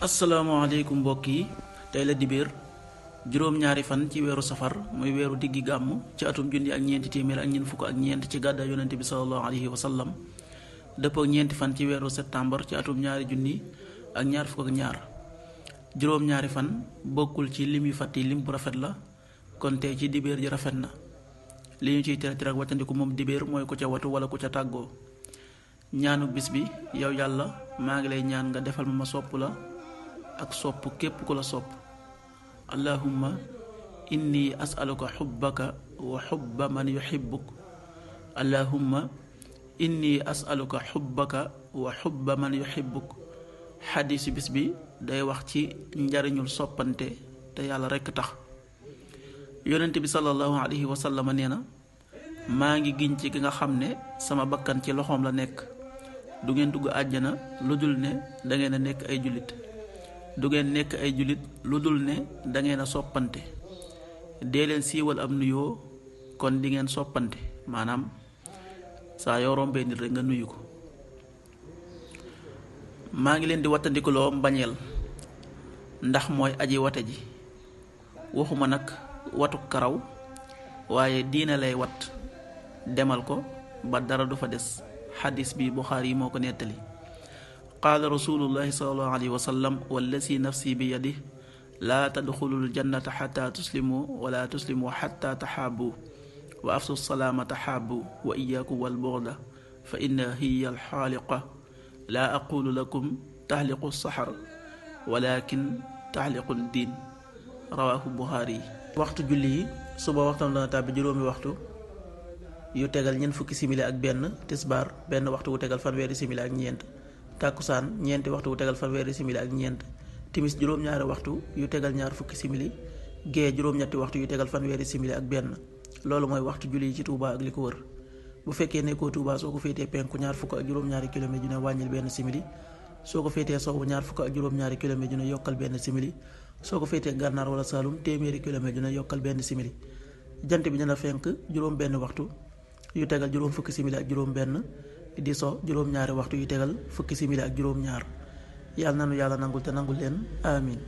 asalaamaaleykum mbokk yi tey la dibéer juróom-ñaari fan ci weeru safar muy weeru diggi gàmm ci atum junni ak ñeenti téeméer ak ñeent fukk ak ñeent ci gàddaa yonente bi salallahu alayhi wa sallam dëppoo ak ñeenti fan ci weeru septembre ci atum ñaari junni ak ñaar fukk ak ñaar juróom-ñaari fan bokkul ci lim yu fàtti lim bu rafet la kon tey ci dibéer ji rafet na li ñu ciy tere tere moom dibéer mooy ku ca watu wala ko ca tàggoo ñaanu bis bi yow yàlla maa ngi lay ñaan nga defal ma ma sopp la ak sopp képp ku la sopp allahumma inni asaluka xubbaka wa xubba man yuxibbuk allahumma inni asaluka xubbaka wa xubba man yuxibbuk xadiis bis bi day wax ci njariñul soppante te yàlla rekk tax yonent bi sallallahu alayhi wa sallam nee na maa ngi giñ ci ki nga xam ne sama bakkan ci loxoom la nekk du ngeen dugg àjjana lu jul ne dangeen a nekk ay jullit du ngeen nekk ay jullit lu dul ne da a soppante dee leen siiwal am nuyoo kon di ngeen soppante maanaam saa yoo rombee nit rek nga nuyu ko maa ngi leen di wattandikuloo mbañeel ndax mooy aji wate ji waxuma nag watu karaw waaye diine lay wat demal ko ba dara du fa des xadis bi Buxaari yi moo ko nettali qaala rasulullahi salallahu alayhi wa sallam wallazi nafsi bi waxtu julli yi suba waxtam dana tàbbi juróomi waxtu yu tegal ñeent fukki simili ak benn tisbaar benn waxtu wu tegal fanweeri simili ak ñeent tàkkusaan ñeenti waxtu wu tegal fanweeri simili ak ñeent timis juróom-ñaari waxtu yu tegal ñaar fukki simili gee juróom-ñetti waxtu yu tegal fanweeri simili ak benn loolu mooy waxtu julli ci Touba ak li ko wër bu fekkee nekkoo Touba soo ko féetee penku fukk ak juróom-ñaari kilomètre ju ne wàññil benn simili soo ko féetee sowwu fukk juróom-ñaari kilomètre ju ne yokkal benn soo ko féetee gànnaar wala Saalum téeméeri kilomètre ju ne yokkal benn simili jant bi dina fenk juróom benn waxtu yu tegal juróom fukki simili ak juróom benn di so juróom-ñaari waxtu yu tegal fukki simili ak juróom-ñaar yàlla na nu yàlla nangul te nangul leen amin